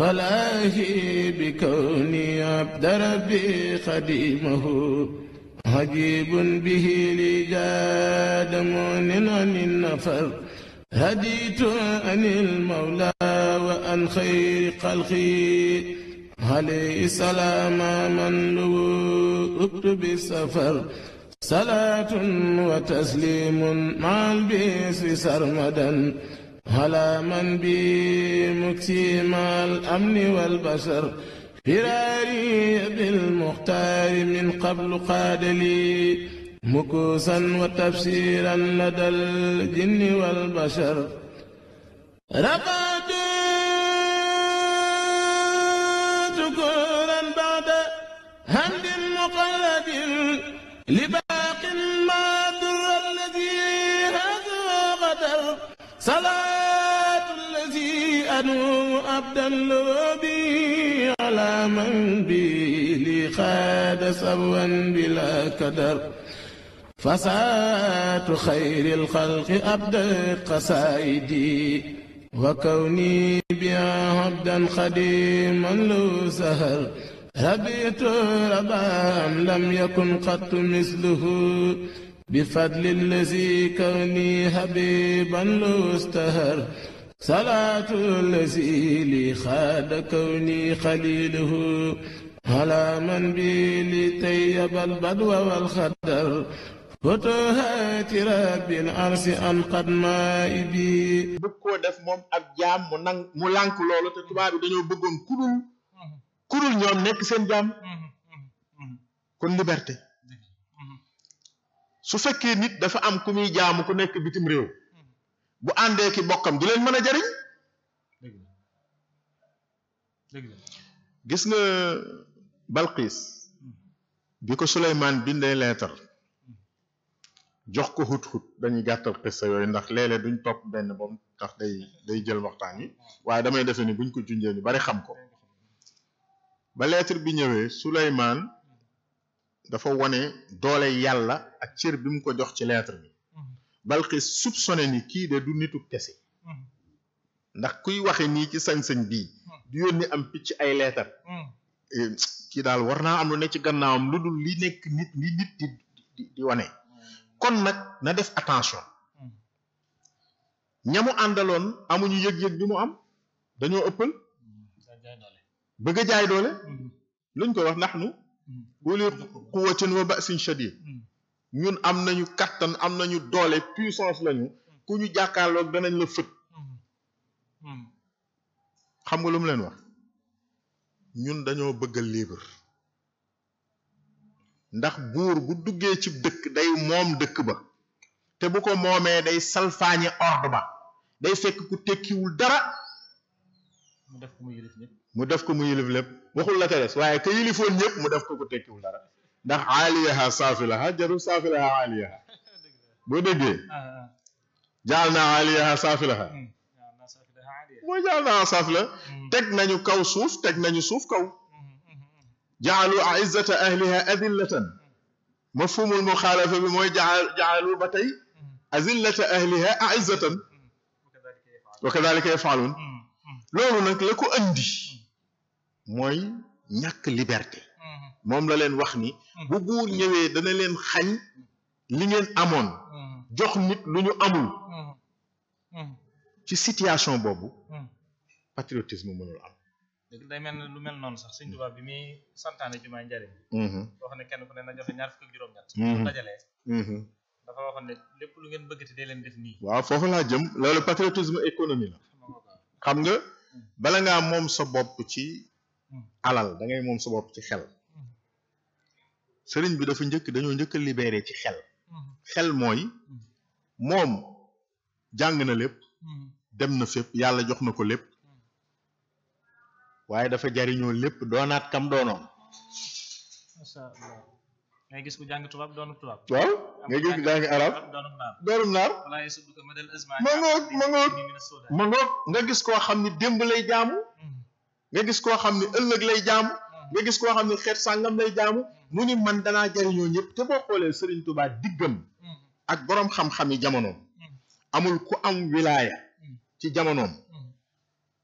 صلاحي بكوني عبد ربي خديمه عجيب به لي جاد مؤمن عن النفر هديت عن المولى وعن خير خلقي عليه السلام من لوقت بالسفر صلاة وتسليم مع البيس سرمدا على من بي مكسيم الأمن والبشر فراري بالمختار من قبل قاد لي مكوسا وتفسيرا لدى الجن والبشر رقد شكورا بعد همد مقلد لباق ما در الذي هذا غدر صلاه كانوا عبدا ربي على من بي لي خاد سرا بلا كدر فساة خير الخلق أبدت قصائدي وكوني بها عبدا خديما لو سهر ربيت ربام لم يكن قط مثله بفضل الذي كوني حبيبا لو استهر صلاة الذي لي خاد كوني خليله على من بي لطيب البدو والخدر fotohaati rabbil arsi an qad maaibi bëgg koo def moom ak jaam mu lank mu lànk loolu te tubaab dañoo bëggoon kudul kudul ñoom nekk seen jaam kon liberté su fekkee nit dafa am ku muy jaamu ku nekk bitim réew bu àndee ki bokkam du leen mën a jariñ gis nga Balqiis bi ko Suleymaan bindee leetar jox ko xut-xut dañuy gàttal xissa yooyu ndax léeg duñ topp benn bom tax day day jël waxtaan yi waaye damay defe ni buñ ko junjee ñu bari xam ko ba lettre bi ñëwee Suleymaan dafa wone doole yàlla ak cër bi mu ko jox ci lettre bi Balqis soupçonné ni kii de du nitu kese hmm. ndax kuy waxe nii ci sañ-sañ bii hmm. du yónni am picc ay leetar hmm. eh, kii daal war naa am lu ne ci gannaawam lu dul li nekk nit li nit di di wane kon nag na def attention ñamu àndaloon amuñu yëg-yëg bi mu am dañoo ëppal bëgg a jaay doole luñ ko wax ndax nu uli quwwatin wa ba'sin shadid ñun am nañu kattan am nañu doole puissance lañu ku ñu jàkkaarloog danañ la fët xam nga lu mu leen wax ñun dañoo bëgg a ndax buur bu duggee ci dëkk day moom dëkk ba te bu ko moomee day salfaañe ordre ba day fekk ku tekkiwul dara mu def ko mu yilif lépp mu def ko mu yilif lépp waxul la ca des waaye ka yilifoon ñëpp mu def ko ku tekkiwul dara ndax aaliyaha saafilaha jarul saafilaha aaliyaha boo déggee ah, ah. jaal naa aaliyaha saafilaha hmm. mooy jaal naa saafila hmm. teg nañu kaw suuf teg nañu suuf kaw hmm, jaalu aizzata ahliha adillatan mafhumul muxaalafa bi mooy jaalu ba tey azillata ahliha aizzatan wa kadalika yafaaluun loolu nag la ko andi mooy ñàkk liberté moom la leen wax ni hmm. bu buur ñëwee dana leen xañ li ngeen amoon hmm. jox nit lu ñu amul hmm. ci situation boobu patriotisme mënul am lu mel noonu sax Sëñ Tuubaa bi muy santaane jumaa njariñ mm-hmm. wax ne kenn ku mm-hmm. mm-hmm. lu ngeen bëggati day leen def nii waaw foofu laa jëm loolu patriotisme économie la xam nga bala ngaa moom sa bopp ci alal da ngay moom sa bopp ci xel sëriñ bi dafa njëkk dañoo njëkk a libéré ci xel. Mhm. xel mooy mhm. moom jàng na lépp. Mhm. dem na fépp yàlla jox na ko lépp. waaye dafa jariñoo lépp doonaat kam doonoon. macha allah ngay gis ku waaw nga gis koo xam ni démb lay jaamu. nga gis koo xam ni ëllëg lay jaamu. nga gis koo xam ne xeet sàngam lay jaamu mu ni man danaa jariñoo ñëpp te boo xoolee Serigne Touba diggam ak boroom xam-xami jamonoom amul am wilaaya ci jamonoom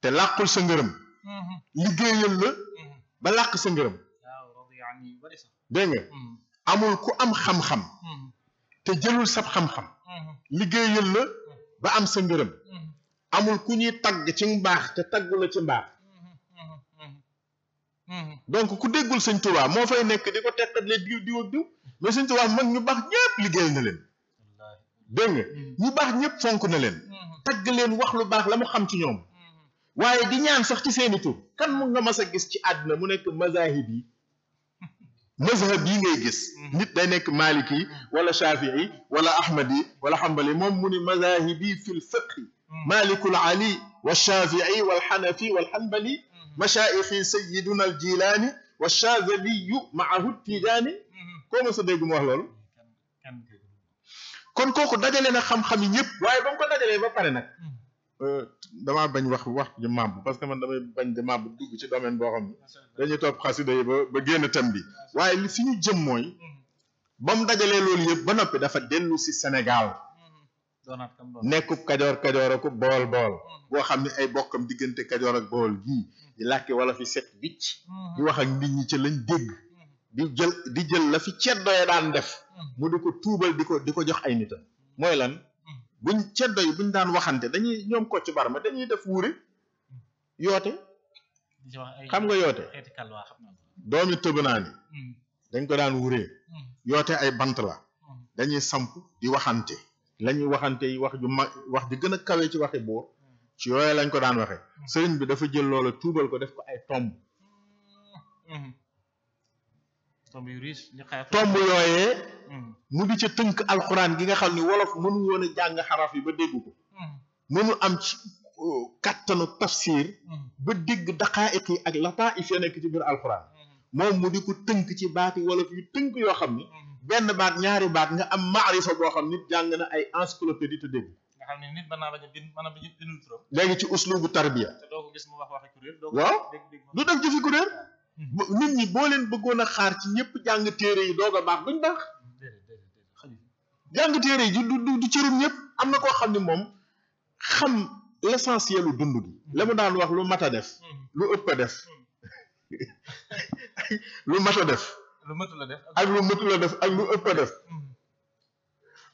te làqul sa ngërëm liggéeyal la ba làq sa ngërëm dégg nga amul ku am xam-xam te jëlul sab xam-xam liggéeyal la ba am sa ngërëm amul ku ñuy tagg ci mbaax te taggu ci mbaax Mhm. donc ku déggul sëñ Tuubaa moo fay nekk di ko tettatle diw diw ak diw mais sëñ Tuubaa mag ñu baax ñëpp liggéeyal na leen dégg nga mhm. ñu baax ñëpp fonk na leen mhm. tagg leen wax lu baax la mu xam ci ñoom waaye di ñaan sax ci seeni tur kan mu nga mas a gis ci àdduna mu nekk mazahib yi mazhab yi ngay gis nit day nekk maliki yi wala shafii wala ahmad yi wala xambali moom mu ni mazahib yi fil fiqhi malikul ali wa shafii wal xanafi wal xanbali mashaayixi sayiduna al jilaani wa chazabiyu maahu tijaani koo ma sa dégg mu wax loolu kon kooku dajale na xam-xam yi ñëpp waaye ba mu ko dajalee ba pare nag damaa bañ wax wax ji màbb parce que man damay bañ di bu dugg ci domaine boo xam ne dañuy topp xasida yi ba ba génn tam bi waaye li fi ñu jëm mooy ba mu dajalee loolu yëpp ba noppi dafa dellu si Sénégal nekkub kajoor kajoor ko bool bool mm-hmm. boo xam ne ay bokkam diggante kajoor ak bool gii mm-hmm. di làkki wala fi set wicc mm-hmm. di wax ak nit ñi ci lañ dégg di jël di jël la fi ceddo ya daan def mu di ko tuubal di ko di ko jox ay nitam mooy lan buñ ceddo yi buñ daan waxante dañuy ñoom ko ci barma dañuy def wuure yoote xam nga yoote doomi tëbanaani dañ ko daan wuuree yoote ay bant la dañuy samp di waxante lañuy waxante yi wax ju mag wax di gën a kawe ci waxi buur ci yooyu lañ ko daan waxe hmm. sëriñ bi dafa jël loola tuubal ko def ko ay tomb hmm. tomb yu riche tomb yooyee hmm. mu di ca tënk alxuraan gi nga xam ni wolof mënu woon a jàng xaraf yi ba dégg ko mënu am ci uh, kàttanu tafsir ba dégg daqaaiq yi ak lataif ya nekk ci biir alxuraan moom mu di ko tënk ci baati wolof yu tënk yoo xam ni benn baat ñaari baat nga am maarifa boo xam nit jàng na ay encyclopédie te dégg nga xam a bind léegi ci uslubu tarbiya te doo ko gis mu wax waxi kuréel waaw du def jëfi kuréel hmm. nit ñi boo leen bëggoon a xaar ci ñëpp jàng téere yi doog a baax duñ baax jàng téere yi du du cërum ñëpp am na koo xam ne moom xam l'essentiel lu dund gi hmm. la mu daan wax lu mat a def hmm. lu ëpp a def lu mat a def lu mëtu la def ak lu mëtu la def ak lu ëpp a def. Hmm.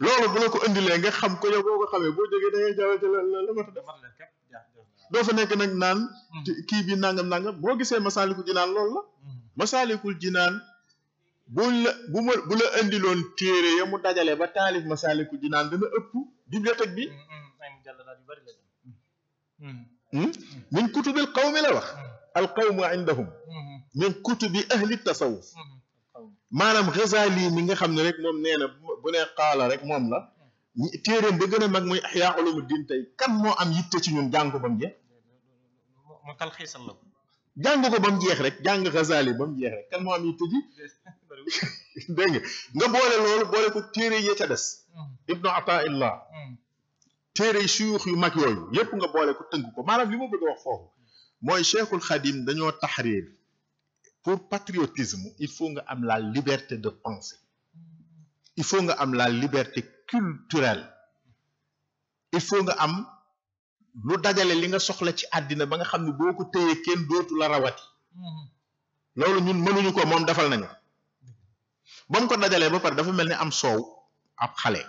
loolu bu la ko indilee nga xam ko yow boo ko xamee boo jógee da ngay jaawee ci la la la mat def. doo fa nekk nag naan. Hmm. kii bi nangam nangam boo gisee masaalikul jinaan loolu la. Hmm. masaalikul jinaan bu la bu ma bu la indiloon téere ya mu dajalee ba taalif masaalikul jinaan dina ëpp di bibliothèque bi. min kutubil qawmi la wax. al qawmu indahum. min kutubi ahli tasawuf maanaam Ghazali mi nga xam ne rek moom nee na bu ne xaala rek moom la téeréem ba gën a mag muy Ihya Ulumuddin tey kan moo am yitte ci ñun jàng ko ba mu jeex. la ko. ko ba jeex rek jàng Ghazali ba mu jeex rek kan moo am yitte ji nga nga boole loolu boole ko téere ya ca des. Hmm. Ibnu Ataillah. Hmm. téere suyuux yu mag yooyu yépp nga boole ko tënk ko maanaam li ma bëgg a wax foofu mooy Cheikhul Xadim dañoo taxriir pour patriotisme il faut nga am la liberté de penser il faut nga am la liberté culturelle il faut nga am lu dajale li nga soxla ci àddina ba nga xam ne boo ko téyee kenn dootu la rawati loolu ñun mënuñu ko moom defal nañu ba mu ko dajalee ba pare dafa mel ni am soow ab xale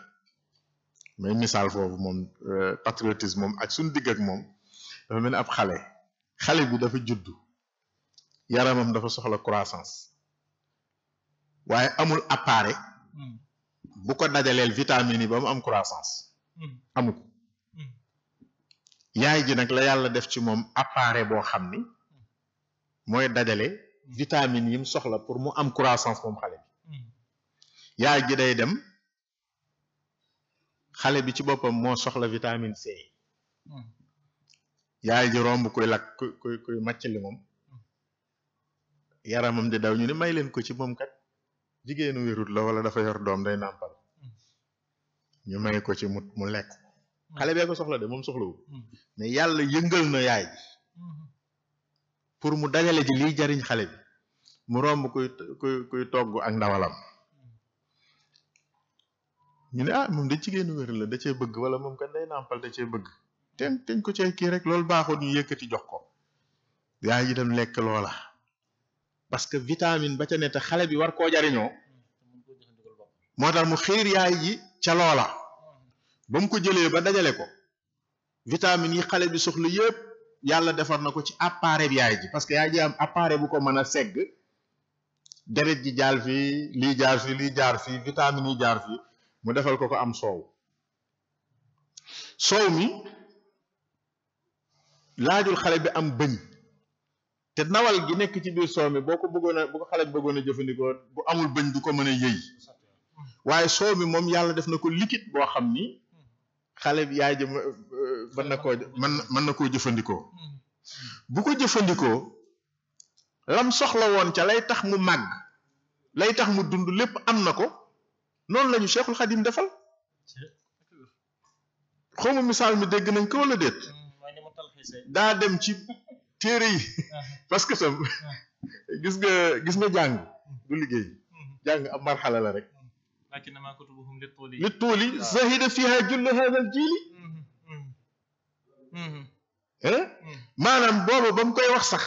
mais misaal foofu moom euh, patriotisme moom ak suñu digg moom dafa mel ni ab xale xale bi dafa juddu yaramam dafa soxla croissance waaye amul appareil hmm. bu ko dajaleel vitamines yi ba mu am croissance hmm. amu ko hmm. yaay ji nag la yàlla def ci moom appareil boo xam ni mooy dajale vitamines yi mu soxla pour mu am croissance moom xale bi yaay ji day dem xale bi ci boppam moo soxla vitamine C yaay ji romb kuy lakk kuy kuy màcc li moom yaramam di daw ñu ne may leen ko ci moom kat jigéenu wérut la wala dafa yor doom day nàmpal hmm. ñu may ko ci mu mu lekk hmm. xale bee ko soxla de moom soxlawu hmm. mais yàlla yëngal na yaay ji pour mu dajale ji liy jariñ xale bi mu romb kuy kuy kuy togg ak ndawalam ñu ne ah moom da jigéenu wér la da cee bëgg wala moom kat day nàmpal da cee bëgg ten teñ ko cee kii rek loolu baaxoon ñu yëkkati jox ko yaay ji dem lekk loola parce que vitamine ba ca ne xale bi war koo jariñoo mm, moo tax mu xiir yaay ji ca loola mm. ba mu ko jëlee ba dajale ko vitamine yi xale bi soxla yépp yàlla defar na ko ci appareil bi yaay ji parce que yaay ji am appareil bu ko mën a segg deret ji jaar fii li jaar fii lii jaar fii vitamine yi jaar fii mu defal ko ko am soow soow mi laajul xale bi am bëñ te nawal gi nekk ci biir soow mi boo ko bëggoon a bu ko xale bëggoon a jëfandikoo bu amul bëñ du ko mën a yëy waaye soow mi moom yàlla def na ko liquide boo xam ni xale bi yaay ji euh, mën na koo mën mën na koo jëfandikoo bu ko jëfandikoo lam soxla woon ca lay tax mu màgg lay tax mu dund lépp am na ko noonu lañu Cheikhul Xadim defal xawma misaal mi dégg nañ ko wala déet hmm, daa dem ci téere yi uh-huh. parce que tam uh-huh. gis nga gis nga jàng uh-huh. du liggéey jàng ab marxala la rek lakinnamaa kutubuhum li tuuli li tuuli zahida fiha jullu haadal jiili eh? maanaam boobu ba mu koy wax sax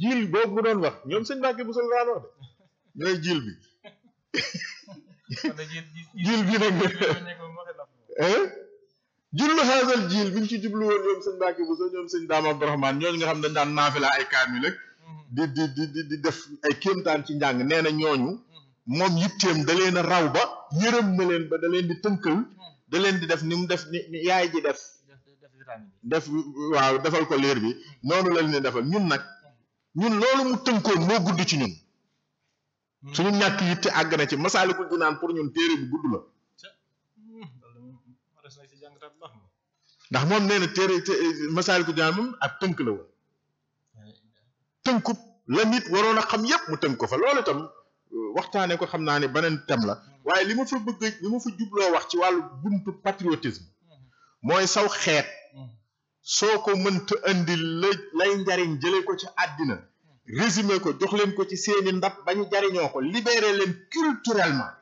jiil boobu mu doon wax ñoom sëñ Mbàkke bu sol daan wax de ñooy jiil bi jiil bi nag jullu xaasal jiil bi ñu ci jublu woon ñoom sëñ Mbàkke Buso ñoom sëñ Daam Abdourahmane ñooñu nga xam dañ daan naafila ay kaamil ak di di di di def ay kéemtaan ci njàng nee na ñooñu moom yitteem da leen a raw ba yërëm na leen ba da leen di tënkal da leen di def ni mu def ni yaay ji def def waaw defal ko liir bi noonu lañ leen defal ñun nag ñun loolu mu tënkoon moo gudd ci ñun suñu ñàkk yitte àgg na ci masaalikul naan pour ñun téere bu gudd la ndax moom nee na téere Masaalikul Jinaan moom ab tënk la woon tënkub la nit waroon a xam yépp mu tënk ko fa loolu itam euh, waxtaanee ko xam naa ne beneen tam la waaye li ma fa bëgg li ma fa jubloo wax ci wàllu buntu patriotisme mooy saw xeet soo ko mënta indi la lay njariñ jële ko ci àddina résumé ko jox leen ko ci seeni ndab ba ñu jariñoo ko libéré leen culturellement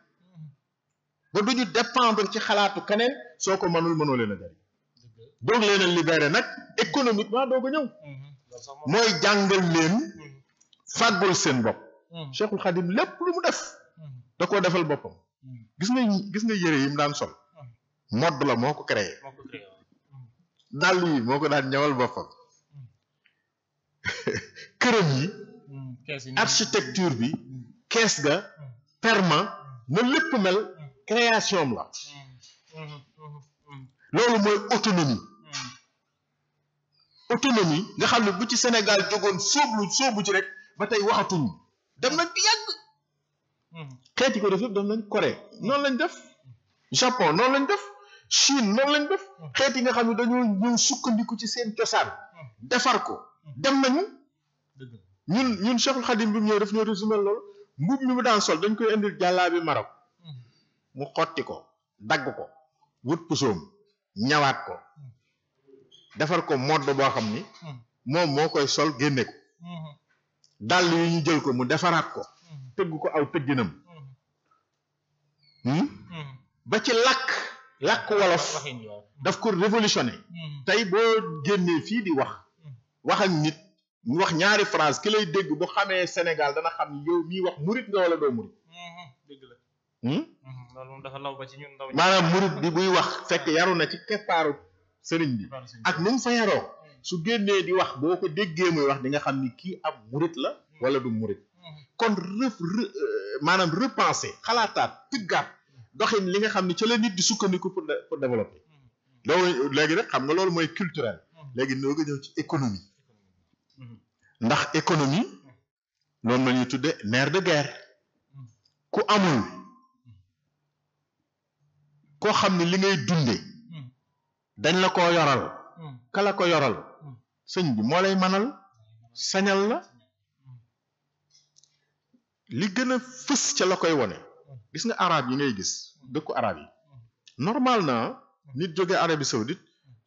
ba du ñu dépendre ci xalaatu keneen soo ko mënul mënoo leen a jëriñ doog leen a nag économiquement doog a ñëw mooy jàngal leen fàggul seen bopp Cheikhul Khadim lépp lu mu def da koo defal boppam gis nga yére yi mu daan sol modd la moo ko créé dàll yi moo ko daan ñëwal boppam këram yi architecture bi kees ga perma na lépp mel création am la loolu mooy autonomie autonomie nga xam ne bu ci Sénégal jógoon sóoblu soobu ci rek ba tey waxatuñu dem nañ bi yàgg xeeti ko def yëpp dem nañ Corée noonu lañ def Japon noonu lañ def Chine noonu lañ def xeet yi nga xam ne dañoo ñëw sukkandiku ci seen cosaan defar ko dem nañu ñun ñun Cheikhul Khadim bi ñoo def daf ñoo résumé loolu mbubb ñu mu daan sol dañ koy indil jàllaabi bi mu xotti ko dagg ko wut pusoom ñawaat ko defar ko modd boo xam ni hmm. moom moo koy sol génne ko hmm. dàll yi ñu jël ko mu defaraat ko hmm. tëgg ko aw tëgginam ba ci làkk làkk wolof daf ko révolutionné tey boo génnee fii di wax wax ak nit mu wax ñaari phrase ki lay dégg bu xamee Sénégal dana xam yow miy wax murit nga wala doo murit Hmm? Hmm, loolu dafa law ba ci ñun ndaw maanaam murid bi buy wax fekk yaru na ci keppaaru sëriñ bi ak ni mu fa yaroo hmm. su génnee di wax boo ko déggee muy wax di nga xam ni kii am murid la wala du murid kon ref euh, maanaam repenser xalaataat tëggaat doxin li nga xam ni ci la nit di sukkandiku pour pour développer léegi rek xam nga loolu mooy culturel léegi noo nga ñëw ci économie ndax économie loolu la ñuy tudde nerf de guerre ku amul koo xam ne li ngay dunde hmm. dañ hmm. la ko yoral kala ko yoral sëñ bi moo lay manal sañal la hmm. li gën a fës ca la koy wone gis nga arab yi ngay gis dëkku arab yi normal na nit jóge Arabie saoudite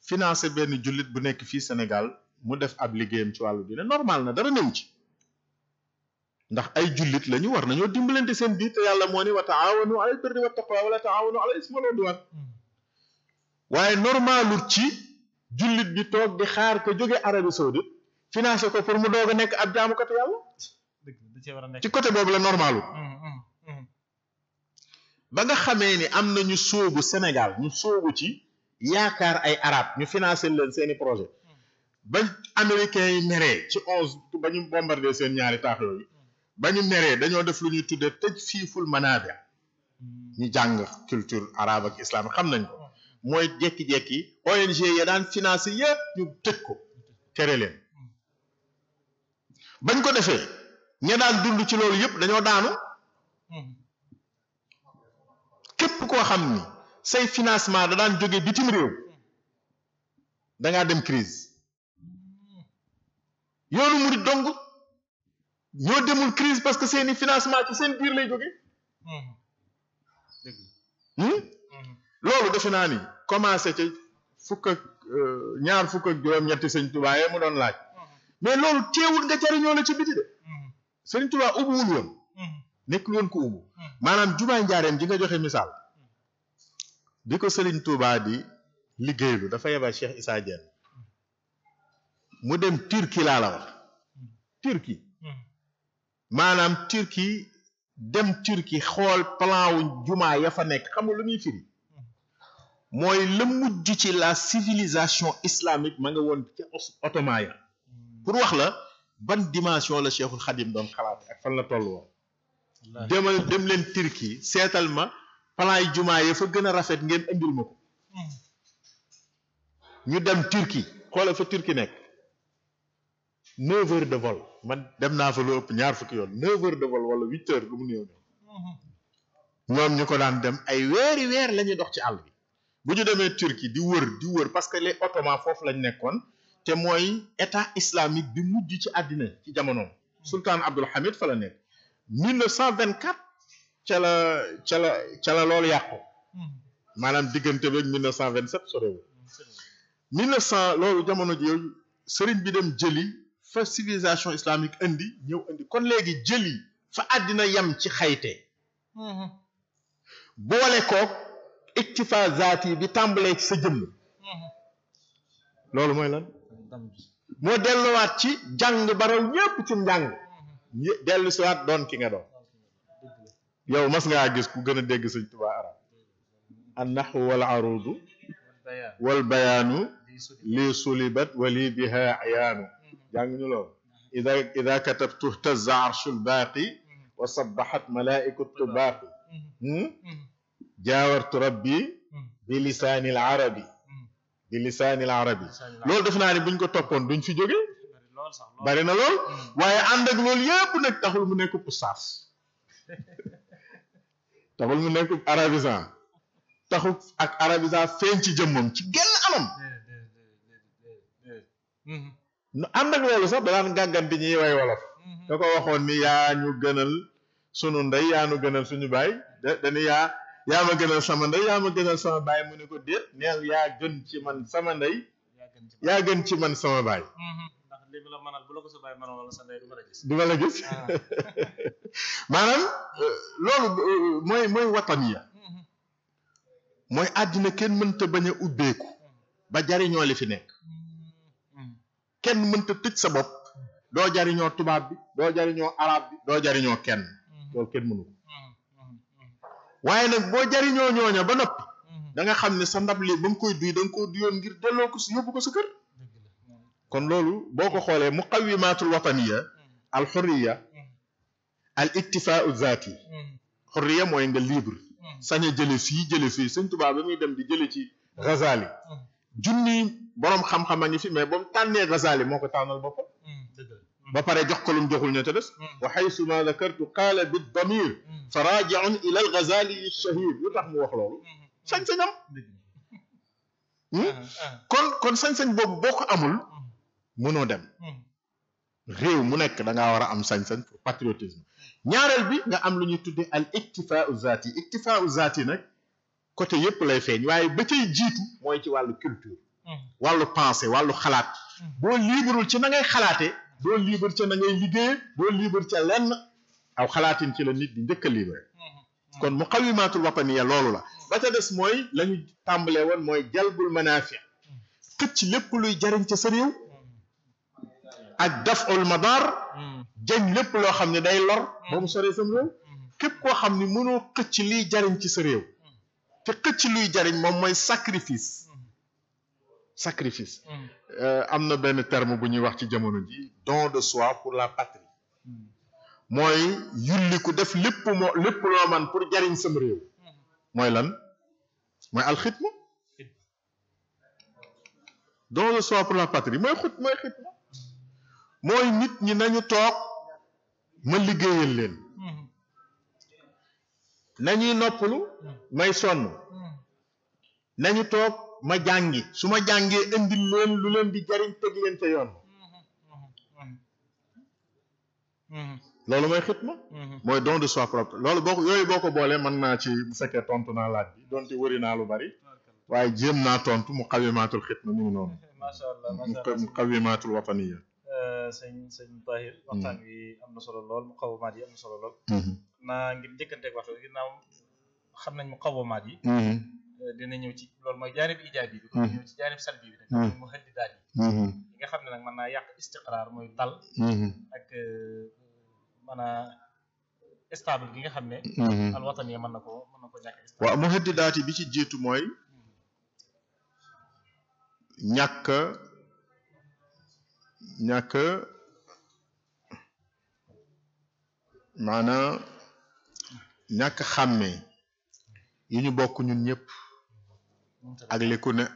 financé benn jullit bu nekk fii senegal mu def ab liggéeyam ci wàllu diine normal na dara néew ci ndax ay jullit lañu war nañoo dimbalante seen biir te yàlla moo ne wa taawanu alal birri wa taqwa wala taawanu alal ismi wal waaye normalul ci jullit bi toog di xaar ko jóge Arabie Saoudite financé ko pour mu doog a nekk ab jaamukatu yàlla ci côté boobu la normalul mm, mm, mm. ba nga xamee ni am nañu sóobu Sénégal ñu sóobu ci yaakaar ay arab ñu financé leen seeni projet ba américains yi meree ci onze ba ñu bombardé seen ñaari taax ba ñu meree dañoo def lu ñuy tuddee tëj fiiful manaabi hmm. ñu jàng culture arabe ak islam xam nañ ko mooy jekki-jekki ONG ya daan financé yëpp ñu tëj ko tere leen bañ ko defee ña daan dund ci loolu yëpp dañoo daanu hmm. képp koo xam ni say financement da daan jóge bitim réew dangaa dem crise hmm. yoonu murid dong ñoo demul crise parce que seeni financement ci seen biir lay jóge hmm. hmm? Hmm. loolu defe naa ni commencé ci fukk ak euh, ñaar fukk ak juróom-ñetti sëñ Tuubaa mu doon laaj mais loolu teewul nga jariñoo la ci biti de sëñ Tuubaa ubbiwul woon nekk woon ku ubbu maanaam jumaay njaareem ji nga joxe misaal bi ko sëriñ Tuubaa di liggéeylu dafa yebal Cheikh Issa Diène mu dem Turquie laa la wax Turquie maanaam Turquie dem Turquie xool plan wu jumaa ya fa nekk xam nga lu muy firi mooy la mujj ci la civilisation islamique ma nga woon ca ottoman ya pour wax la ban dimension la Cheikhul Khadim doon xalaat ak fan la toll woon demal dem leen Turquie seetal ma palan yi jumaa ya fa gën a rafet ngeen indil ma ko hmm. ñu dem Turquie xoolal fa Turquie nekk neuf heures ma dem naa fa lu ëpp ñaar fukki yoon neuf heures de vol wala lu mu néew ñoom ñu ko daan dem ay weeri weer lañuy dox ci àll bi bu ñu demee Turquie di wër di wër parce que les Ottomans foofu lañ nekkoon te mooy état islamique bi mujj ci àddina ci jamono sultaan Abdul Hamid fa la nekk 1924 ca la ca la ca la loolu yàqu maanaam diggante beeg 1927 sorewul 1900 loolu jamono ji sëriñ bi dem jëli fa civilisation islamique indi ñëw indi kon léegi jëli fa àddina yam ci xayte mhm. boole kook iktifa zaat bi tàmbalee ci sa jëmm mhm. loolu mooy lan moo delluwaat ci jàng baral ñépp ci njàng mhm. dellu siwaat doon ki nga doon yow mas ngaa gis ku gën a dégg sëñ Tuubaa arab an naxwu wal arudu wal bayaanu lii sulibat wa lii jànguñu lool ida ida katabtu htazza arshul baaqi wa sabbahat malaikatu baaqi hmm? jaawartu rabbi bi lisaanil arabi bi lisaanil arabi loolu def naa ne buñ ko toppoon duñ fi jóge bari na lool waaye ànd ak loolu yépp nag taxul mu nekk pusaas taxul mu nekk arabisant taxu ak arabisant feeñ ci jëmmam ci genn anam hmm. am nag loolu sax danaan gàgganti ñiy way wolof mhm. da ko waxoon ni yaa ñu gënal sunu ndey yaa ñu gënal suñu baay dani yaa yaa ma gënal sama ndey yaa ma gënal sama baay mu ne ko déet neel yaa gën ci man sama ndey yaa gën ci man sama baay mhm. du ma la gis ah. maanaam euh, loolu euh, mooy mooy watan ya mhm. mooy àddina kenn mën bañ a ubbeeku ba jariñoo li fi nekk kenn mënta tëj sa bopp doo jariñoo tubaab bi doo jariñoo arab bi doo jariñoo kenn mm-hmm. loolu kenn mënu mm-hmm. waaye nag boo jariñoo ñooña ba noppi mm-hmm. da xam ne sa ndab li ba mu koy duy da nga ko duyoon ngir delloo ko si yóbbu ko sa kër kon loolu boo ko xoolee muqawimaatul wataniya al xurriya al iktifaau zaati xurriya mooy nga libre sañ a jële fii jële fii Sëñ Tuubaa ba muy dem di jële ci Ghazali junni borom xam-xam a ngi fi mais ba mu tànnee Ghazali moo ko tànnal boppam. Hmm, hmm. ba pare jox ko lu mu joxul ña ca des. Hmm. wa xaysu ma dakartu qaala bi damir. fa raajiun ila al Ghazali shahir lu tax mu wax loolu. sañ-sañam. Ah, ah. kon kon sañ-sañ boobu boo ko amul. mënoo dem. réew mu nekk danga ngaa war a am sañ-sañ pour patriotisme ñaareel bi nga am lu ñuy tuddee al iktifaau zaati iktifaau zaati nag. côté yépp lay feeñ waaye ba cay jiitu mooy ci wàllu culture hmm. wàllu pensée wàllu xalaat hmm. boo liibarul ci na xalaatee doo liibar ca na ngay liggéeye doo liibar ca lenn aw xalaatin ci la nit di njëkk a libre hmm. kon muqawimatul wataniya loolu la ba ca des mooy la ñu tàmbalee woon mooy jalbul manaafi xëcc lépp luy jariñ ca sa réew ak daful madar jañ lépp loo xam ne day lor ba mu soree sam réew képp koo xam ni mënoo xëcc liy jariñ ci sa réew te xëcc luy jariñ moom mooy sacrifice sacrifice mm. euh, am na benn terme bu ñuy wax ci jamono ji don de soi pour la patrie mm. mooy yulliku def lépp loo man pour jariñ sam réew mooy lan mooy alxitma don de soi pour la patrie mooy xut mooy xitma mooy nit ñi nañu toog ma liggéeyal leen nañuy noppalu may sonn nañu toog ma jàngi su ma jàngee indi leen lu leen di jariñ teg leen ca yoon loolu mooy xitma mooy don de soi propre loolu boo ko yooyu boo ko boolee mën naa ci bu fekkee tontu naa laaj bi donte wëri naa lu bari waaye jéem naa tontu mu xawimaatul xitma mu ngi noonu mu xawimaatul wataniya eh, sëñ sëñ Tahir waxtaan wi am na solo lool mu xawamaat yi am na solo lool mm-hmm. naa ngir njëkkanteeg xam nañ mu xawamaat yi. Mm-hmm. Euh, ñëw ci loolu mooy jaanib ijaabi bi. Mm-hmm. dina mm-hmm. yàq mooy dal. ak euh, mën a gi nga xam ne. alwatan yi na ko mu xëddi daal bi ci jiitu mooy ñàkk ñàkk maanaam. ñàkk xàmmee yi ñu bokk ñun ñëpp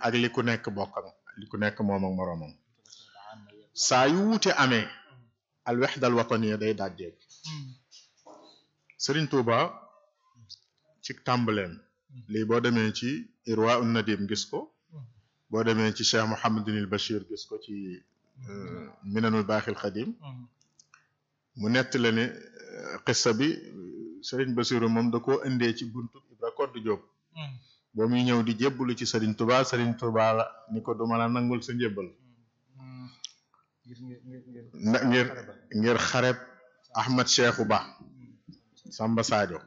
ak li ku nekk bokkam li ku nekk moom ak moroomam saa yu wuute amee al wahda al wataniya day dajjeeg Sëriñ Tuuba ci tàmbaleem lii boo demee ci Irwa un Nadim gis ko boo demee ci Cheikh Mouhamadinil Bachir gis ko ci euh, Minanul Baaxil Xadim mu nett la ne euh, qissa bi Serigne Bassirou moom da koo indee ci buntu Ibra Koddu Jóob hmm. ba muy ñëw di jébbalu ci sëriñ Touba Serigne Touba la ni ko du ma la nangul sa njébbal hmm. Hmm. ngir ngir xareb Ahmad Cheikhou Ba Samba Sadio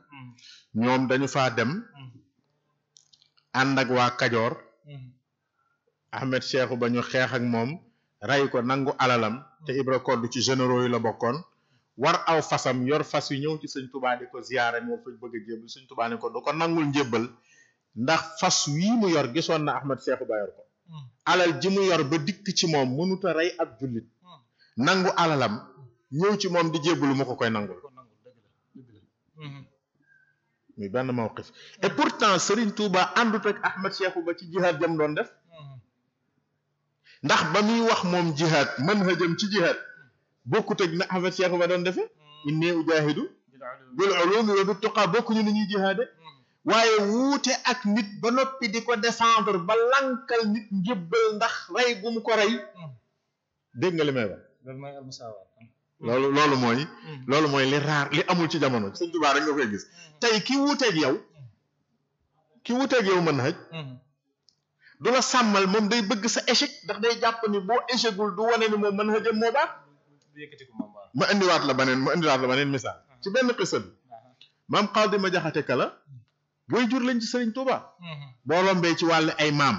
ñoom dañu faa dem ànd ak waa Kajoor Ahmed Cheikhou Ba ñu xeex ak moom rey ko nangu alalam te Ibra Koddu ci généraux yi la bokkoon war aw fasam yor fas yu ñëw ci sëñ tubaa di ko ziyaare moom fañ bëgg a jébbal sëñ tubaa ne ko du ko nangul njébbal ndax fas wii mu yor gisoon na ahmad seexu ba yor ko hmm. alal ji mu yor ba dikk ci moom mënuta rey ab jullit hmm. nangu alalam ñëw ci moom di jébbalu mu ko koy nangul hmm. muy benn mawqif et pourtant sëriñ tuubaa àndut ak ahmad seexu ba ci jihaad jam doon def ndax ba muy wax moom jihaad mën hëjëm ci jihaad bokkut ak na Ahmed Cheikh ba doon defee hmm. ñuy jihaade hmm. waaye wuute ak nit ba noppi di ko défendre ba lankal nit njëbbal ndax rey bu mu ko rey hmm. dégg nga li may loolu loolu mooy loolu mooy li raar li amul ci jamono sëñ Tuubaa rek nga koy gis tey ki wuuteeg yow ki wuuteeg yow mën haj du la sàmmal moom day bëgg sa échec ndax day jàpp ni boo échecul du wane ni moom mën hajam moo baax ma indiwaat la beneen ma indiwaat la beneen misaal ah. ci benn xisa ah. bi maam xaadi ma jaxate kala booy jur lañ ci sëriñ Touba. Mm-hmm. boo rombee ci wàll ay maam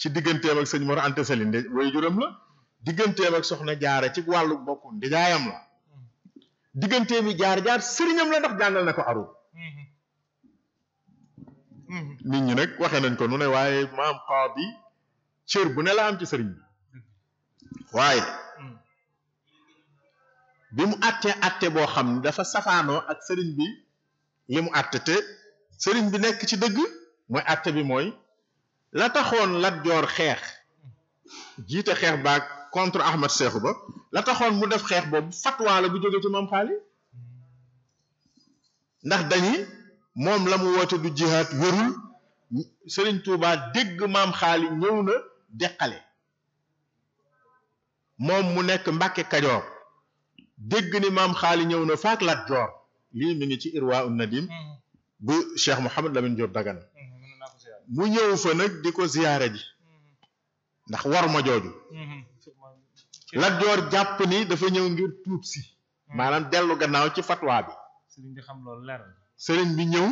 ci digganteem ak sëñ Mor Anta Sali nde way juram la digganteem ak soxna jaara ci wàllu bokku ndijaayam la mm-hmm. diggante bi jaar jaar sëriñam la ndax jàngal na ko arut mm-hmm. nit ñi nag waxee nañ ko nu ne waaye maam xaadi cër bu ne la am ci sëriñ bi waaye bi mu àttee àtte boo xam ne dafa safaanoo ak sëriñ bi li mu àtte te sëriñ bi nekk ci dëgg mooy àtte bi mooy la taxoon Lat Joor xeex jiite xeex baag contre Ahmad Seexu ba la taxoon mu def xeex boobu fatwa la bu jóge ci moom xaali ndax dañuy moom la mu woote du jihaat wérul sëriñ tuubaa dégg maam xaali ñëw na deqale moom mu nekk Mbàkke Kajoor dégg ni maam xaali ñëw na faak Lat Joor lii mi ngi ci Irwa un Nadim hmm. bu Cheikh Mouhamed Lamine Diop Dagana hmm, mu ñëw fa nag di ko ziyaare ji hmm. ndax war ma jooju Lat Joor jàpp ni dafa ñëw ngir tuub si maanaam dellu gannaaw ci fatwa bi xam loolu leer sëriñ bi ñëw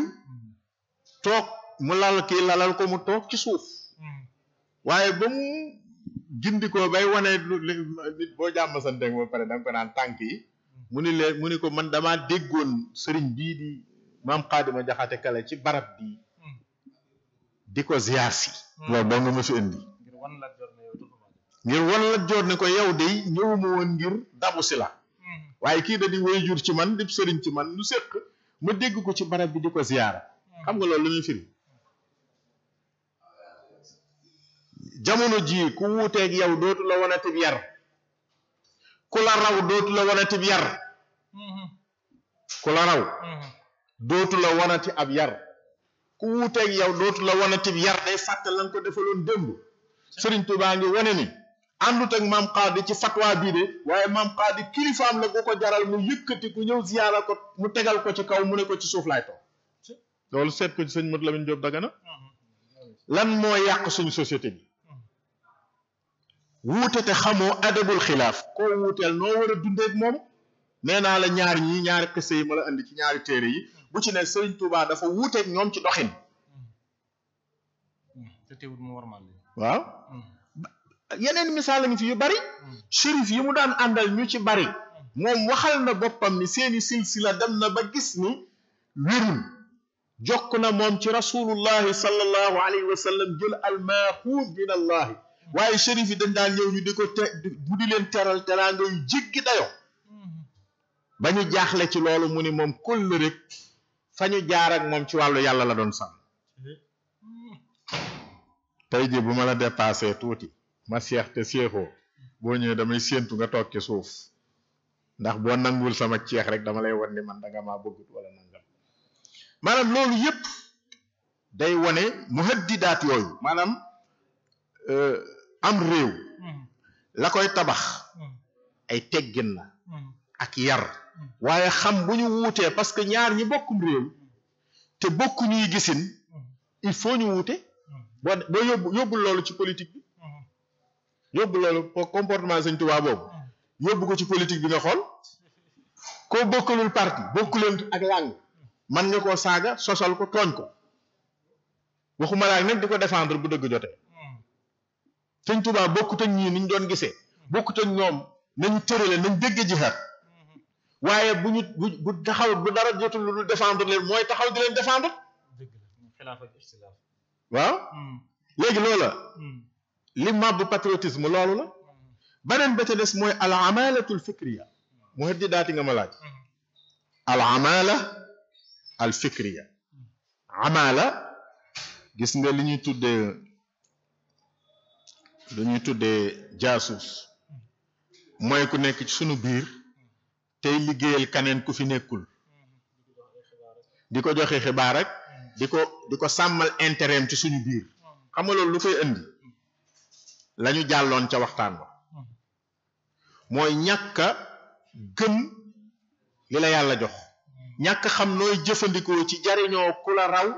toog mu lal kii lalal ko mu toog ci suuf waaye ba mu gindi ko bay wane nit boo jàmm santeeg ba pare da nga ko naan tànk yi mu ni leen mu ni ko man damaa déggoon sëriñ bii di maam xaadima jaxate kale ci barab bii hmm. di ko ziar si hmm. loolu doo nga ma fi indi ngir wan la joor ne ko yow de ñëwuma woon ngir dabu si la hmm. waaye kii da di way jur ci man di sëriñ ci man lu séq ma dégg ko ci barab bi di ko ziyaara xam nga loolu lu muy firi jamono jii ku wuuteeg yow dootu la wanatib yar ku la raw dootu yar mm-hmm. ku la raw mm-hmm. dootu la wanati ab yar ku wuuteeg yow dootu la wanatib yar day fàtte lan ko defaloon démb sëriñ Tuubaa ngi wane ni àndut ak maam xaadi ci fatwa bii de waaye maam xaadi kilifaam la gu ko jaral mu yëkkati ku ñëw ziyaara ko mu tegal ko ci kaw mu ne ko ci suuf laay toog loolu seet ko ci sëñ Modou Lamine Diop Dagana mm-hmm. lan moo yàq suñu société bi wuute te xamoo adabul xilaaf koo wuuteel noo war a dundee moom nee naa la ñaar ñi ñaari xese yi ma la andi ci ñaari téere yi bu ci ne Serigne Touba dafa wuuteeg ñoom ci doxin. Hmm. Hmm. te teewul mu war hmm. yeneen misaal ngi fi yu bari. shérif yi mu daan àndal ñu ci bari. moom waxal na boppam ni seeni silsila dem na ba gis ni wérul jokk na moom ci rasulullahi sallallahu alayhi wa sallam jël almaaxuud min allahi waaye shérif yi dañ daan ñëw ñu di ko te bu di leen teral teraanga yu jéggi dayoo mm-hmm. ba ñu jaaxle ci loolu mu ni moom kull rek fa ñu jaar ak moom ci wàllu yàlla la doon sàmm mm-hmm. tey ji bu ma la dépassé tuuti ma seex te seexoo boo ñëwee damay séentu nga toog ci suuf ndax boo nangul sama ceex rek dama lay wan ni man danga maa bëggut wala nangam maanaam loolu yépp day wone muhaddidaat yooyu maanaam Euh, am réew hmm. la koy tabax hmm. ay teggin la hmm. ak yar waaye xam bu ñu wutee parce que ñaar ñi bokkum réew te bokku ñuy gisin il faut ñu wuute boo boo yóbbu yóbbu loolu ci politique bi yóbbu loolu comportement Sëñ Tuubaa boobu yóbbu ko ci politique bi nga xool koo bokkalul parti bokku ak làng man nga koo saaga sosal ko tooñ ko waxuma laa nag di ko défendre bu dëgg jotee sëñ Tuubaa bokkut ak ni ñu doon gise bokkut ak ñoom nañ tërale nañ dégg jihaad waaye bu ñu bu bu taxaw bu dara jotul lu dul défendre leen mooy taxaw di leen défendre waaw léegi loola li màbb patriotisme loolu la beneen ba ca des mooy al amalatul fikriya mu xet di nga ma laaj al amala al fikriya amala gis nga li ñuy tuddee lu ñuy tuddee jaasuus mooy ku nekk ci sunu biir tey liggéeyal kaneen ku fi nekkul di ko joxe xibaar ak di ko di ko sàmmal intérêt ci suñu biir xam lu koy indi lañu jàlloon ca waxtaan ba mooy ñàkk a gëm li la yàlla jox ñàkk xam nooy jëfandikoo ci jariñoo ku la raw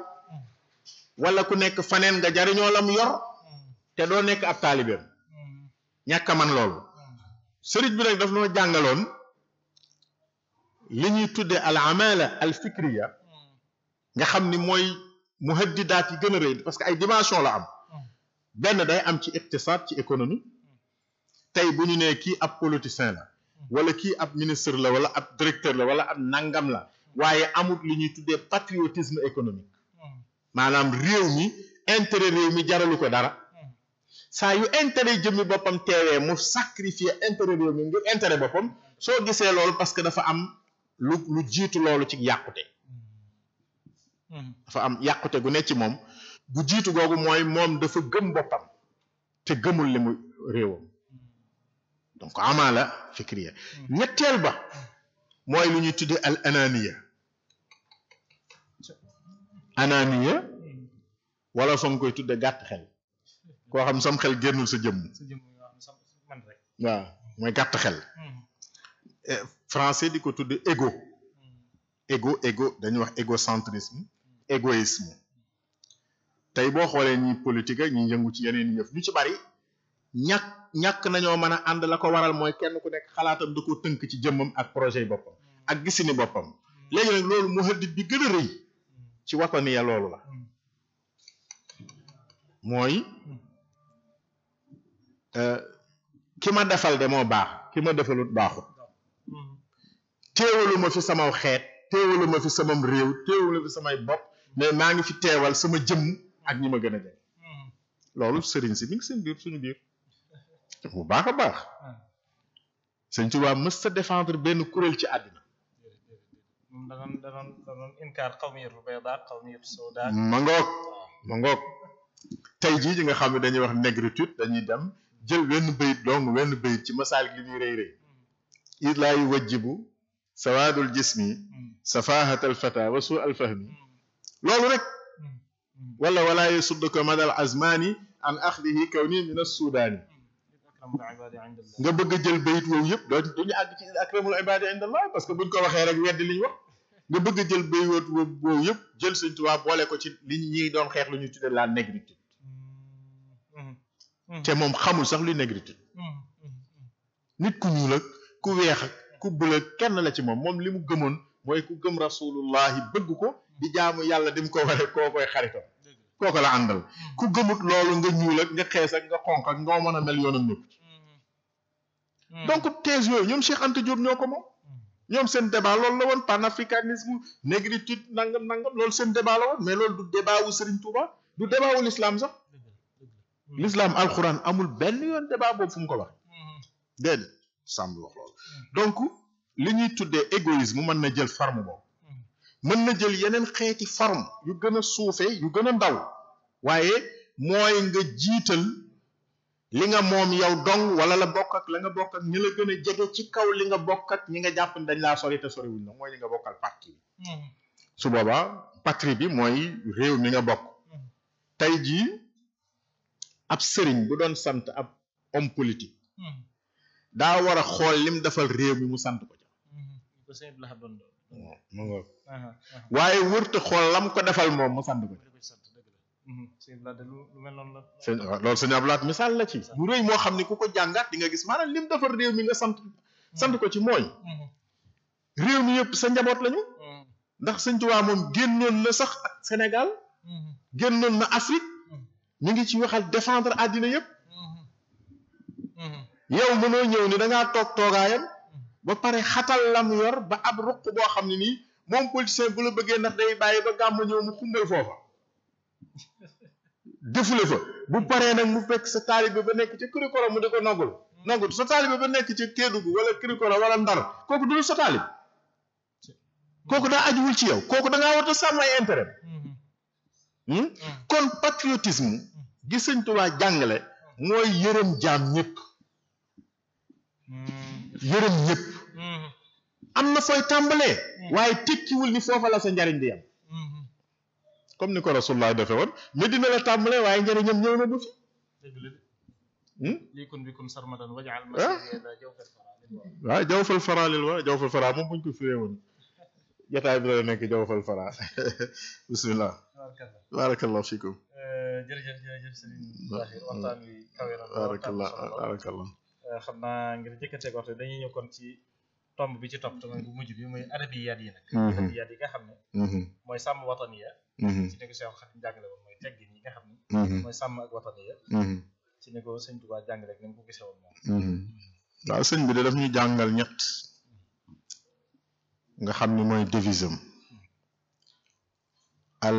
wala ku nekk faneen nga jariñoo lam yor te doo nekk ab taalibeem ñàkk man loolu sëriñ bi nag daf noo jàngaloon li ñuy tuddee al amala al fikriya nga xam ni mooy muhaddidaat yi gën a rëy parce que ay dimension la am benn day am ci iqtisaad ci économie tey bu ñu nee kii ab politicien la wala kii ab ministre la wala ab directeur la wala ab nangam la waaye amut li ñuy tuddee patriotisme économique hmm. maanaam réew mi intere réew mi jaralu ko dara saa yu intérêt jëmmi boppam teewee mu sacrifier intérêt réew mi ngir intérêt boppam soo gisee loolu parce que dafa am lu lu jiitu loolu ci yàqute hmm. dafa am yàqute gu nekk ci moom bu jiitu googu mooy moom dafa gëm boppam te gëmul li mu réewam donc amaa la fikriya hmm. ñetteel ba mooy lu ñuy tudde al ananiya ananiya hmm. wala fa nga koy tudde gàtt xel koo xam sam xel génnul sa jëmm waaw mooy gàtt xel hmm. eh, français di ko tudde égo égo égo dañuy wax égocentrisme égoïsme tey boo xoolee ñi politique ñi yëngu ci yeneen yëf ñu ci bari ñàkk ñàkk nañoo mën a ànd la ko waral mooy kenn ku nekk xalaatam da ko tënk ci jëmmam ak projet yi boppam ak gisini boppam hmm. léegi nag loolu mu hëddit bi gën a rëy ci hmm. wataniya loolu la mooy ki ma defal de moo baax ki ma defalut baaxut teewalu ma fi sama xeet teewalu ma fi samam réew teewalu fi samay bopp mais maa ngi fi teewal sama jëm ak ñi ma gën a jege loolu sëriñ si mi ngi seen biir suñu biir bu baax a baax sëñ Tuubaa mës sa défendre benn kuréel ci àddina da doon da doon da doon inkaar tey jii ñi nga xam ne dañuy wax négritude dañuy dem jël wenn bayit dong wenn bayit ci masaalik li ñuy rëy rëy hmm. it laa yuwajjibu sawaadul jismi hmm. safahatal fata wa suu al fahmi hmm. loolu rek wala wala yasudduka madal azmaani an axdihi kawni min assudaani nga bëgg a jël bayit woowu yëpp doo duñu àgg ci akramul ibaadi inda allah parce que buñ ko waxee rek weddi li ñu wax nga bëgg jël bayit woowu yëpp jël Sëñ Tuubaa boole ko ci li ñuy doon xeex lu ñu tudde la négritude te moom xamul sax luy négritude nit ku ñuul ku weex ku bula kenn la ci moom moom li mu gëmoon mooy ku gëm rasulullahi bëgg ko di jaamu yàlla di mu ko waree koo koy xaritam kooko la àndal ku gëmut loolu nga ñuul ak nga xees ak nga xonq nga mën a mel yoonam ñëpp donc thèse yooyu ñoom Cheikh Anta Diop ñoo ko moom ñoom seen débat loolu la woon panafricanisme négritude nangam nangam lool seen débat la woon mais lool du débat wu Serigne Touba du débat wu l'islam Hmm. l'islam alxuraan amul benn yoon débat boobu fu mu ko wax dégg hmm. nga sàmm wax donc li ñuy tuddee égoïsme mën na jël forme boobu hmm. mën na jël yeneen xeeti forme yu gën a suufee yu gën a ndaw waaye mooy nga jiital li nga moom yow dong wala la bokk ak la nga bokk ak ñi la gën a jege ci kaw li nga bokk ak ñi nga jàpp ne dañ laa sori te soriwuñ mooy li nga bokkal parti bi su boobaa patrie bi mooy réew mi nga bokk tey jii ab sëriñ bu doon sant ab homme politique hmm. daa war a xool lim defal réew mi mu sant ko ca hmm. waaye wërta xool lam ko defal moom mu sant ko ca hmm. loolu sëñ Abdou Lahad misaal la ci bu rëy moo xam ne ku ko jàngaat di nga gis maanaam lim defal réew mi nga sant sant ko ci mooy réew mi yëpp sa njaboot lañu ndax sëñ Tuubaa moom génnoon na sax ak Sénégal génnoon na Afrique mu ngi ci waxal défendre àddina yëpp mm-hmm. mm-hmm. yow mënoo ñëw ni dangaa toog toogaayam ba pare xatal lam yor ba ab ruq boo xam ne nii moom politicien bu la bëggee ndax day bàyyi ba gàmm ñëw mu xumbal foofa defule fa bu paree nag mu fekk sa taalibe ba nekk ci kirikoro mu di ko nangul mm-hmm. nangul sa taalibe ba nekk ci Kédougou wala kirikoro walla Ndar kooku dul sa taalib kooku daa ajuwul ci yow kooku dangaa war a sàmm ay intérêt Hmm? Hmm. kon patriotisme gi sëñ jàngale mooy yërëm jaam ñëpp hmm. yërëm ñëpp am na fooy tàmbalee waaye tekkiwul ni foofa la sa njariñ di yam comme ni ko Rasulullah defe woon Medina la tàmbalee waaye njariñam ñëw na du fi waaw ah. jawfal faralil waa ah, moom buñ ko firee woon jotaay bi la nekk jawfal fara bisimilah. baarakallah fikum. Eh, jërëjëf jërëjëf Serigne eh, xam naa ngir jëkkanteeg waxtu dañuy ñëw kon ci tomb bi ci topp te mooy bu mujj bi muy adabiyaat yi nag. Mhm. adabiyaat yi nga xam ne. Mhm. mooy sàmm wataniya. Mhm. ci ni ko Cheikh Khadim jàngale woon mooy teggin yi nga xam ne. mooy sàmm ak wataniya. ci ni sëñ Tuubaa jàngale ak ni mu ko gisee woon sëñ bi de daf ñu jàngal ñett nga xam ni mooy devise am al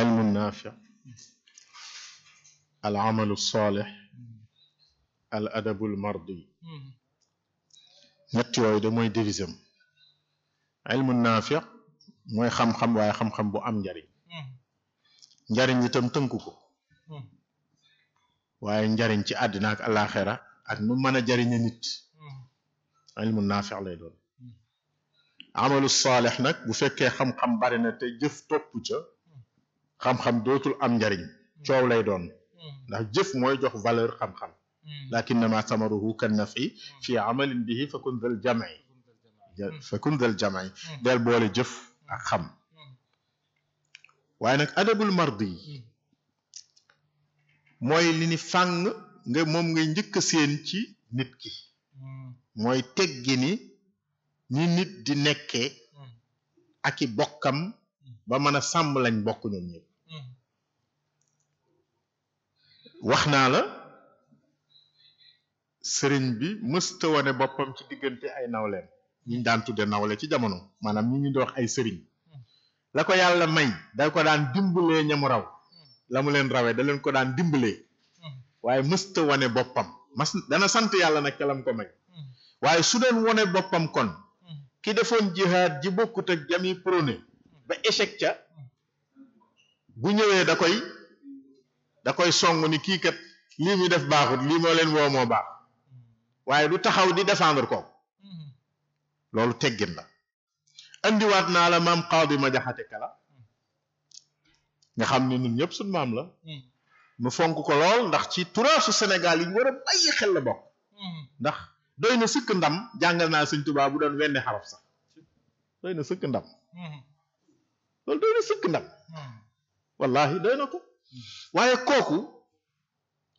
ilmu naafi al amalu saalix al adabul mardi ñett de mooy devise am ilmu naafi mooy xam-xam waaye xam-xam bu am njariñ njariñ itam tënku ko waaye njariñ ci àddina ak àllaaxira ak nu mën a jariñe nit ilmu naafi lay doon amalu saalex nag bu fekkee xam-xam bari na te jëf topp ca xam-xam dootul am njariñ coow lay doon ndax jëf mooy jox valeur xam-xam lakinnama samaruhu kan nafi fi amalin bihi fa kun dal jami dal boole jëf ak xam waaye nag adabul mardi mooy li ni fàng nga moom ngay njëkk seen ci nit ki mooy teggi ni ni nit di nekkee hmm. ak i bokkam hmm. ba mën a sàmm lañ bokk ñoom ñëpp hmm. wax naa la sëriñ bi mësta wane boppam ci diggante ay nawleen ñu daan tudde nawle ci jamono maanaam ñu ngi dox ay sëriñ la ko yàlla may da ko daan dimbalee ñamu raw la mu leen rawee da leen ko daan dimbalee waaye mësta wane boppam mas dana sant yàlla nag ca ko may waaye su doon wane boppam kon ki defoon jihaad ji bokkut ak jami prôné ba échec ca bu ñëwee da koy da koy song ni kii kat lii muy def baaxut lii moo leen woo moo baax waaye du taxaw di défendre ko loolu teggin la andiwaat naa la maam xaadi ma jaxate kala nga xam ne ñun ñëpp suñ maam la nu hmm. fonk ko lool ndax ci turaasu Sénégal yi war a bàyyi xel la bokk hmm. ndax doy na sëkk ndam jàngal naa sëñ Tuubaa bu doon wenn xaraf sax doy na sëkk ndam loolu doy na sëkk ndam wallaahi doy na ko waaye kooku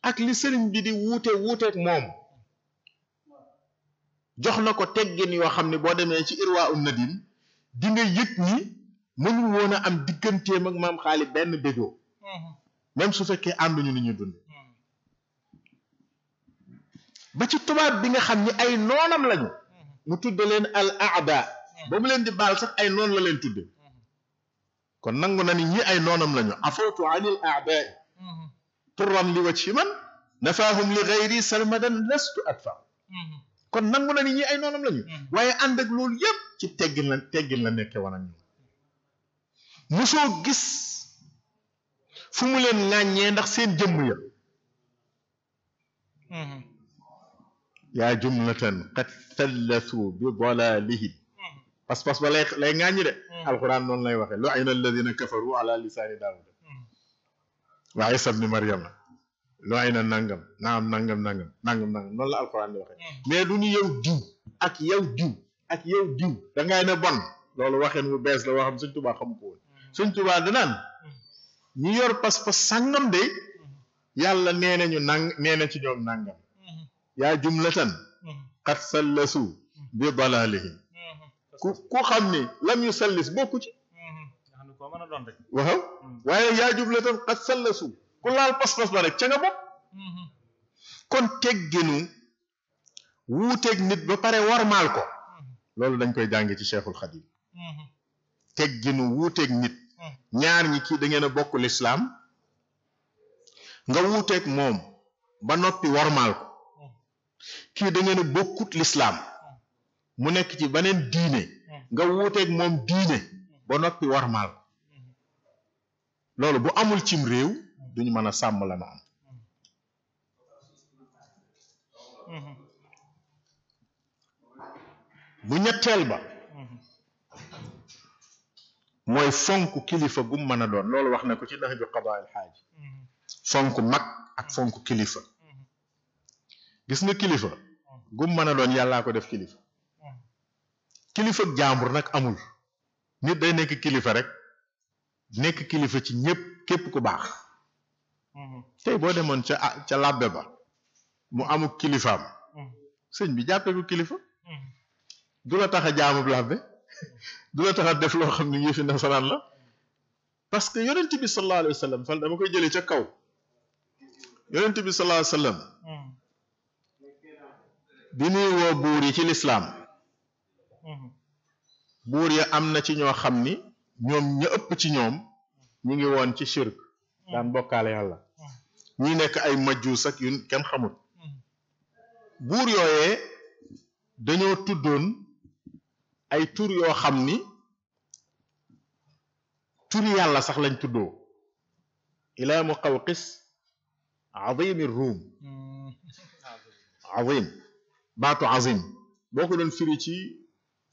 ak li sëriñ bi di wuute wuuteeg moom jox na ko teggin yoo xam ne boo demee ci irwa um nadim di nga yëg ni mënul woon a am digganteem ak maam xaali benn déggoo même su fekkee ànduñu ni ñu dund ba ci tubaab bi nga xam ni ay noonam lañu mu tudde leen al aada ba mu leen di baal sax ay noon la leen tudde kon nangu na ni ñi ay noonam lañu afawtu anil aadaai turram li wajhi man nafaahum li gayri salmadan lastu adfa kon nangu na ni ñi ay noonam lañu waaye ànd ak loolu yépp ci teggin la teggin la nekke wan ak gis fu mu leen ŋàññee ndax seen jëmm ya yaa jumlatan qad thallathuu bi dalalihim hmm. pas-pas ba lay lay ŋaaññi de hmm. alquran noonu lay waxe lu'ina alladina kafaru ala lisaani daawuda hmm. wa isa bni maryama na nangam naam nangam nangam nangam nangam noonu la alquran di waxe mais du ñu yow diw ak yow diw ak yow diw da ngay ne bon loolu waxeen wu bees la waxam suñ tubaa xamu ko woon suñ tubaa danaan ñu yor pas-pas sàngam de yàlla nee nañu nang nee na ci ñoom nangam yaa jumlatan mm-hmm. qad sallasu mm-hmm. bi dalaalihim mm-hmm. ku ku xam ni lam yu sallis bokku ci waaw waaye yaa jumlatan qad sallasu ku laal pas-pas ba rek ca nga bopp kon tegginu wuuteeg nit ba pare warmaal ko loolu dañ koy jàng ci Cheikhul Khadim tegginu wuuteeg nit ñaar ñi kii da a bokk lislaam nga wuuteeg moom ba noppi warmaal ko kii da ngeen bokkut lislaam mu nekk ci beneen diine nga wuuteeg moom diine ba noppi warmaal loolu bu amul cim réew duñu mën a sàmm la na am bu ñetteel ba mooy fonk kilifa gum mën a doon loolu wax na ko ci nax ju xabaayil fonk mag ak fonk kilifa gis nga kilifa gum mën a doon yàllaa ko def kilifa kilifa jaambur nag amul nit day nekk kilifa rek nekk kilifa ci ñépp képp ku baax tey boo demoon ca ca làbbe ba mu amuk kilifaam sëñ bi jàppe ko kilifa du la tax a jaamub làbbe du la tax a def loo xam ne yëfi nasaraan la parce que yonent bi sallallahu alayhi fan dama koy jëlee ca kaw yonent bi sallallahu alayhi bi muy woo buur yi ci lislaam mm-hmm. buur ya am na ci ñoo xam ni ñoom ña ëpp ci ñoom ñu ngi woon ci shirk mm-hmm. daan bokkaale yàlla mm-hmm. ñi nekk ay majjuus ak yu kenn xamul buur yooyee dañoo tuddoon ay tur yoo xam ni turi yàlla sax lañ tuddoo ilaamu qawqis azimi ruum azim baatu azim boo ko doon firi ci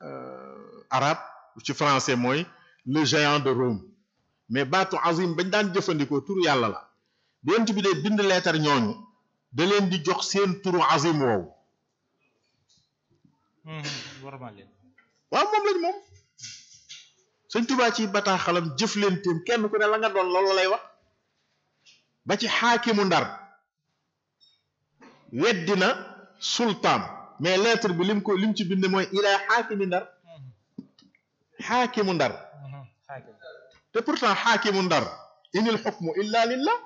euh, arabe ci français mooy le géant de Rome mais baatu azim bañ daan jëfandikoo turu yàlla la yonent bi dee bind leetar ñooñu da di jox seen turu azim woowu mm-hmm. waaw moom lañ moom sëñ Tuubaa ci bataaxalam jëf leen kenn ku ne la nga doon loolu lay wax ba ci xaakimu ndar weddi na sultaan mais lettre bi lim ko lim ci bind mooy ilaa xaakimi ndar xaakimu ndar te pourtant xaakimu ndar inil xukmu illa lillah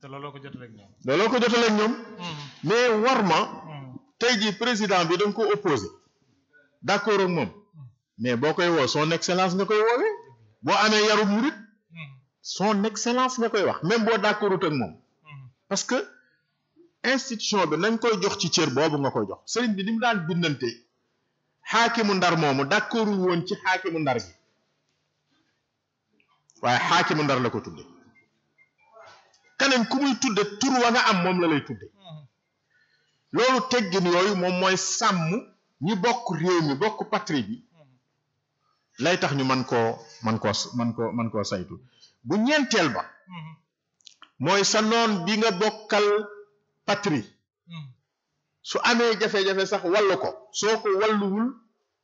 te looloo ko jotaleeg ñoom looloo ko jotaleeg ñoom mm-hmm. mais war ma mm-hmm. tey jii président bi da ko opposé d'accord ak moom mm-hmm. mais boo koy woo son excellence nga koy woowee boo amee yaru murit son excellence nga koy wax même boo d'accordut ak moom parce que institution bi nañ koy jox ci cër boobu nga koy jox sëriñ bi ni mu daan bindante xaakimu ndar moomu dakkooru woon ci xaakimu ndar gi waaye xaakimu ndar la ko tudde keneen ku muy tudde tur wa nga am moom la lay tudde loolu teggin yooyu moom mooy sàmm ñi bokk réew mi bokk patrie bi lay tax ñu man koo man koo man koo man koo saytu bu ñeenteel ba mm-hmm. mooy sa noon bi nga bokkal patrie hmm. su amee jafe-jafe sax wallu ko soo ko walluwul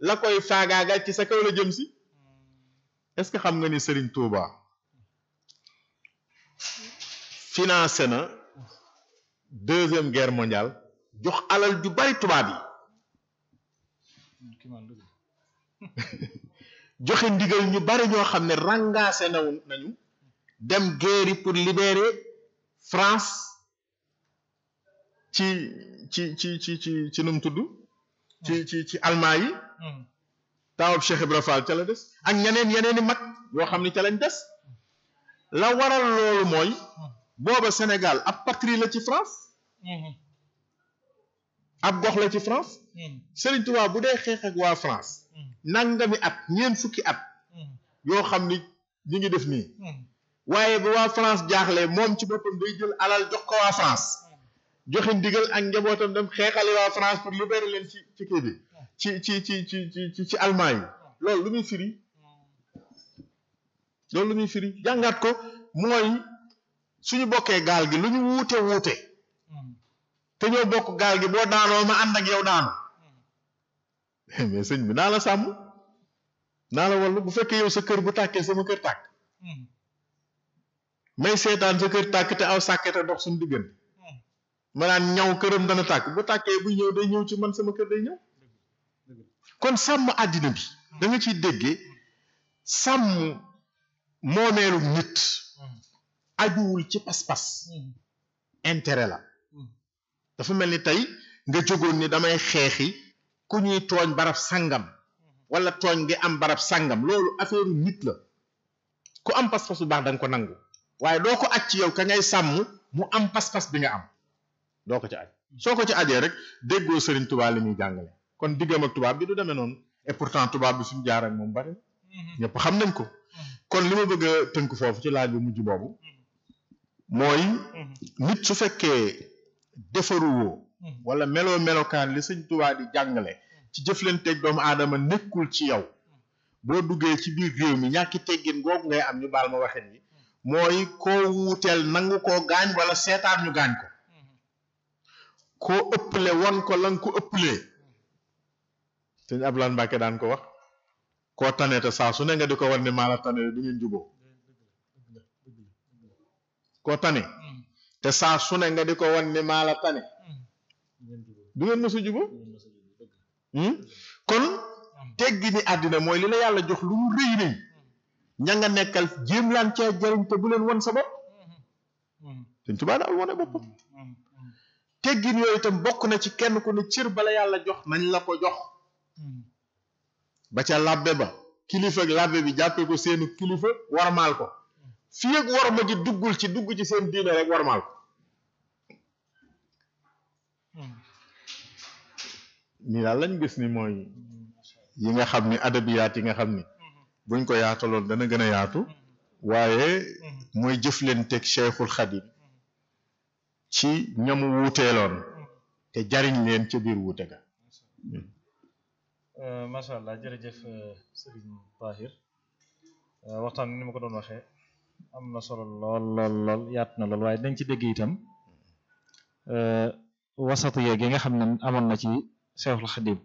la koy faagaagal ci sa kaw la jëm si hmm. est-ce xam nga ni Serigne Touba financé na deuxième guerre mondiale jox alal ju bari tubaab yi hmm, joxe ndigal ñu bari ñoo xam ne rangaase nañu dem guerre pour libérer France ci ci ci ci ci ci nu tudd. ci hmm. ci ci almaa yi. Hmm. taawab Cheikh Ibra Fall ca la des ak ñeneen yeneeni mag yoo xam ni ca lañ des. la waral loolu mooy. Hmm. booba Sénégal ab patrie la ci France. ab gox la ci France. Serigne Touba bu dee xeex ak waa France. nangami at ñeent fukki at. yoo xam ni ñu ngi def nii. waaye bu waa France jaaxlee moom ci boppam day jël alal jox ko waa France. joxe ndigal ak njabootam dem xeexali waa France pour libérer leen ci ci kii bi ci ci ci ci ci ci Allemagne loolu lu muy firi loolu lu muy firi jàngaat ko mooy suñu bokkee gaal gi lu ñu wuute wuute te ñoo bokk gaal gi boo daanoo ma ànd ak yow daanu mais bi naa sàmm naa la bu fekkee yow sa kër bu tàkkee sama kër tàkk hmm. may seetaan sa kër tàkk te aw sàkkete dox suñu diggante manaan ñaw këram dana tàkk bu tàkkee bu ñëw day ñëw ci man sama kër day ñëw kon sàmm àddina bi da ci dégge sàmm moomeelu nit ajuwul ci pas-pas intérêt la dafa mel ni tey nga jógoon ni damay xeexi ku ñuy tooñ barab sàngam wala tooñ ngi am barab sàngam loolu affaire nit la ku am pas-pas bu baax da ko nangu waaye doo ko aj ci yow ka ngay sàmm mu am pas-pas bi nga am doo ko ci aj hmm. soo ko ci ajee rek déggoo sëriñ Touba li muy jàngale kon diggam tubaab bi du deme noonu et pourtant tubaab bi suñu jaar ak moom bari hmm. ñëpp xam nañ ko. Hmm. kon li ma bëgg a tënk foofu ci laaj bu mujj boobu. mooy. nit su fekkee defaruwoo. wala meloo melokaan li sëñ Tuubaa di jàngale. ci jëflanteeg doomu aadama nekkul ci yow. boo duggee ci biir réew mi ñàkki teggin googu ngay am ñu baal ma waxin yi mooy koo wuuteel nangu koo gaañ wala seetaan ñu gaañ ko. koo ëpple won ko la nga ko ëpplee sëñ Abdoulaye Mbacke daan ko wax koo tane te saa su ne nga di ko war ne maa la tane du ngeen mësa juboo hmm? kon teggi ni àddina mooy li la yàlla jox lu mu rëy rëy ña nga nekkal jéem laan cee jariñ te bu leen won sa bopp sëñ Tuubaa daal wone boppam teggin yooyu itam bokk na ci kenn ku ne cër bala yàlla jox nañ la ko jox hmm. ba ca làbbe ba kilifa ak làbbe bi jàppee ko seenu kilifa warmaal ko fii ak warma ji duggul ci dugg ci seen diine rek warmaal ko hmm. ni daal lañ gis ni mooy yi nga xam ni adabiyaat yi nga xam ni buñ ko yaataloon dana gën a yaatu hmm. waaye mooy jëf leen jëflanteeg Cheikhul Xadim ci ñamu wuuteeloon te jariñ leen ca biir wuute euh, macha allah jërëjëf euh, sëriñ Tahir euh, waxtaan ni ma ko doon waxe am na solo lool lool lool na lool waaye dañ ci dégg itam wasatu yeeg yi nga xam ne amoon na ci Seexul Xadim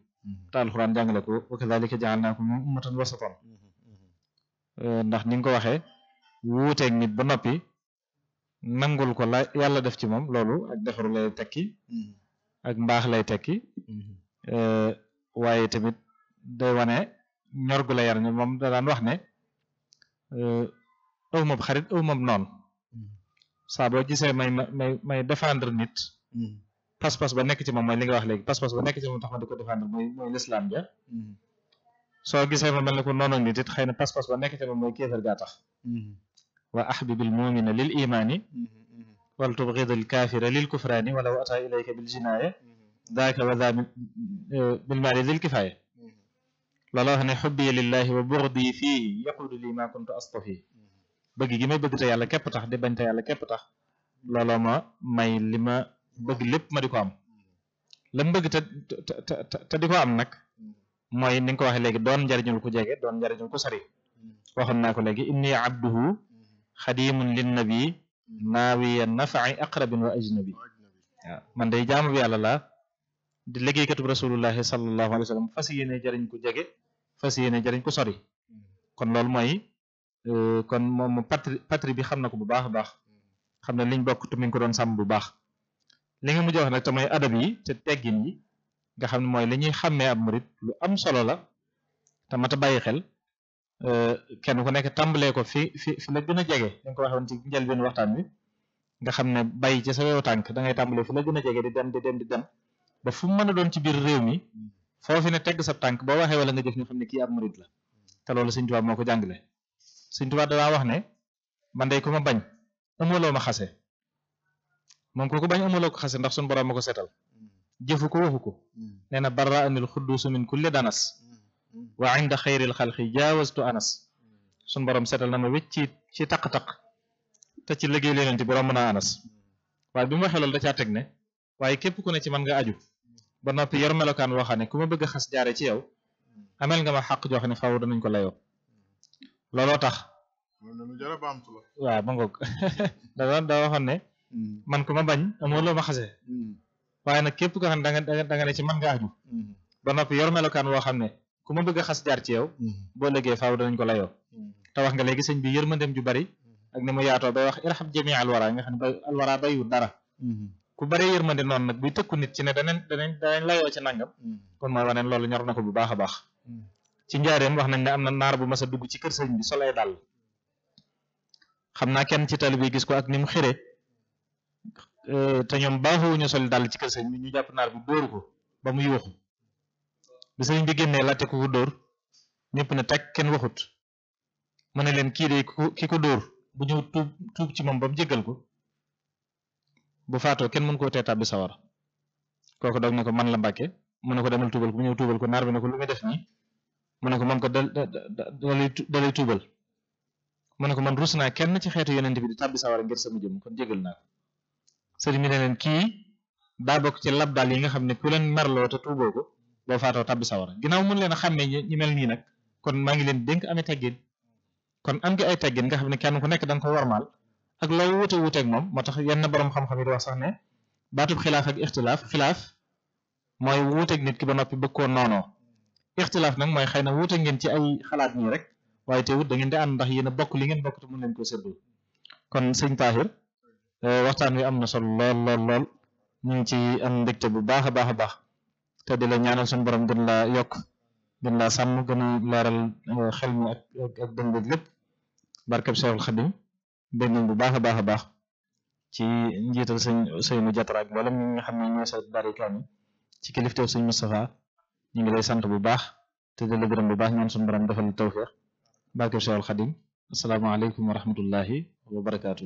te alxuraan jàngale ko wa kadalika jaalnaakum ummatan wasatan mm-hmm, mm-hmm. ndax ni ko waxee wuuteeg nit ba noppi nangul ko la yàlla def ci moom loolu ak defaru lay tekki mm-hmm. ak mbaax lay tekki mm-hmm. eh, waaye tamit day wane ñor la yar ne moom da daan wax ne aw eh, ma xarit aw ma noon mm-hmm. saa boo gisee may may may défendre nit pas-pas ba nekk ci moom mooy li nga wax léegi pas-pas nekk ci moom ko défendre mooy mooy lislaam ja soo gisee ma mel ne ko noonu nit it xëy ba nekk ci moom mooy kéefar gaa tax waa ahbibil mu'mina lil imaani wal tubghidil kaafira lil kufraani walaw ataa ilayka bil jinaaya daaka wa daa eh, bil maali looloo xam ne xubbi lillahi wa bughdi fiihi yaqudu li ma kuntu astafi bëgg gi may bëgg te yàlla képp tax di bañ te képp tax looloo ma may li ma bëgg lépp ma di ko am la mu bëgg te te di ko am nag mooy ni nga ko waxee léegi doon njariñul ku jege doon njariñul ku sori waxoon naa ko inni abduhu xadimun linnabi mm. naawiya nafaai aqrabin wa ajnabi waaw man day jaamu bi yàlla laa di liggéeykatub rasulullahi sallallahu alayhi wa sallam fas yéene jariñ ku jege fas yéene jariñ ku sori mm. kon loolu mooy euh, kon moom patri patri bi xam na ko bu baax a baax mm. xam ne liñ bokk te mi ngi ko doon sàmm bu baax li nga mujj wax nag te mooy adab yi te teggin yi nga xam ne mooy li ñuy xàmmee ab murit lu am solo la te mat a bàyyi xel Euh, kenn ku nekk tàmbalee ko fi fi fi la a jege dañ ko waxoon ci njëlbéen waxtaan wi nga xam ne bay ci sa tank tànk da ngay tàmbalee fi la na a jege di dem di dem di ba fu mu mën a doon ci biir réew mi foofu ne teg sa tank boo waxee wala nga jëf ñu xam ne ki ab murid la te loolu Sëñ Tuubaa moo ko jàngale Sëñ Tuubaa daa wax ne man day ku ma bañ amuloo ma xase moom kooku bañ amuloo ko xase ndax suñu borom ma ko seetal hmm. jëfu ko waxu ko hmm. nee na bara anil xudduusu min kulli danas hmm. wa inda xayril xalqi jaawastu anas sun borom seetal na ma wécc ci taq-taq te ci liggéey leneen bu romb na anas waaye bi mu waxee loolu da caa teg ne waaye képp ku ne ci man nga aju ba noppi yor melokaan woo xam ne ku ma bëgg xas jaare ci yow amel nga ma xàq joo xam ne faaw danañ ko layoo looloo tax waaw ma ngoog da doon daa waxoon ne man ku ma bañ a loo ma xasee mm. waaye na képp ko xam ne ne ci man nga aju mm. ba noppi yor melokaan woo ne ku ma bëgg a xas jaar ci yow mm-hmm. boo lëggee faaw danañ ko layoo mm-hmm. te wax nga léegi sëñ bi yërmandeem ju bari mm-hmm. ak ni mu yaatoo bay wax irham jamii alwara nga xam ne bay alwara bayu dara ku bare yërmande noon nag buy tëkku nit ci ne danañ danañ danañ layoo ci nangam kon mooy waneen loolu ñor na ko bu baax a baax ci njaareem wax nañ ne am na naar bu mas a dugg ci kër sëñ bi soley dal xam naa kenn ci tali bi gis ko ak ni mu xire te ñoom baaxuwuñu sol dal ci kër sëñ bi ñu jàpp naar bi ko ba mu yuuxu bi sëriñ bi génnee laajte ku ko dóor ñëpp ne teg kenn waxut mu ne leen kii de ki ko dóor bu ñëw tuub tuub ci moom ba mu jéggal ko bu faatoo kenn mun koo tee tàbbi sawar kooku doog ne ko man la mbàkke mu ne ko demal tuubal ko bu ñëw tuubal ko naar bi ne ko lu muy def nii mu ne ko moom ko da dalay tuubal mu ne ko man rus naa kenn ci xeetu yonent bi di tàbbi sawar ngir sama jëm kon jégal naa ko sëriñ ne leen kii daa bokk ci labbaal yi nga xam ne ku leen boo faatoo tàbbi sawara ginnaaw mën leen a xàmmee ñi mel nii nag kon maa ngi leen dénk amee teggin kon am nga ay teggin nga xam ne kenn ku nekk da nga ko warmaal ak loo wute wuteeg moom moo tax yenn na xam-xam yi di wax sax ne baatub xilaaf ak ixtilaaf xilaaf mooy wuuteeg nit ki ba noppi bëgg koo noonoo ixtilaaf nag mooy xëy na wuute ngeen ci ay xalaat nii rek waaye te wut da ngeen di ànd ndax yéen a bokk li ngeen bokk te mën leen ko séddoo kon sëñ Tahir eh, waxtaan wi am na solo lool lool lool ñu ngi ci am bu baax a baax a baax te di la ñaanal suñu borom gën laa yokk gën laa sàmm gën a leeral eh, xel mi ak ak bu baax a baax a baax ci njiital sëñ Seynu Jatara ak mboolem xam ne ñooy sa barikaan yi ci kilifteef sëñ Moustapha ñu ngi lay sant bu baax te di la bu baax ñaan suñu borom defal tawfeex barkeb Seexul Xadim asalaamaaleykum wa rahmatullahi wa barakaatu.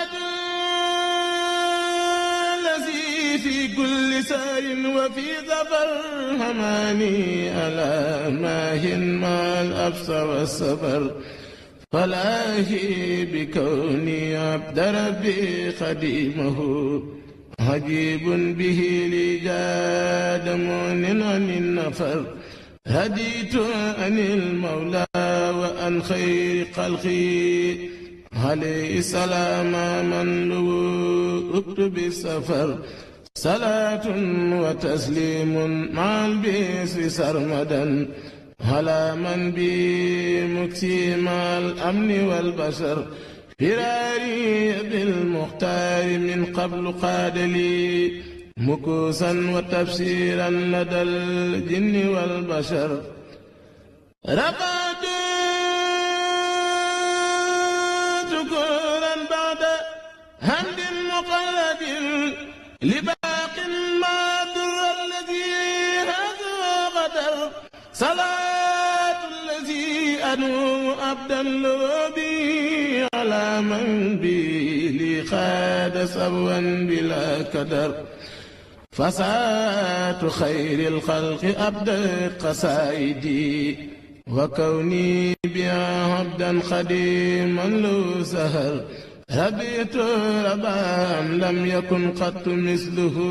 في كل سار وفي ظفر حماني ألا ماهن ما الأبصر والسفر فلاهي بكوني عبد ربي خديمه عجيب به لي جاد مؤن عن النفر هديت عن المولى وأن خير خلقي عليه السلام من لو بالسفر صلاة وتسليم مع البيس سرمدا على من بي مكسيم الأمن والبشر فراري بالمختار من قبل قاد لي مكوسا وتفسيرا لدى الجن والبشر رقد شكورا بعد هند مقلد لبا salaatu lazi anu abdan bi ala man bi li xaada sabwan bila kadar fasaatu xayri lxalqi abdat qasaidi wa kawni bi abdan xadiman lu sahar rabitu rabam lam yakun qattu misluhu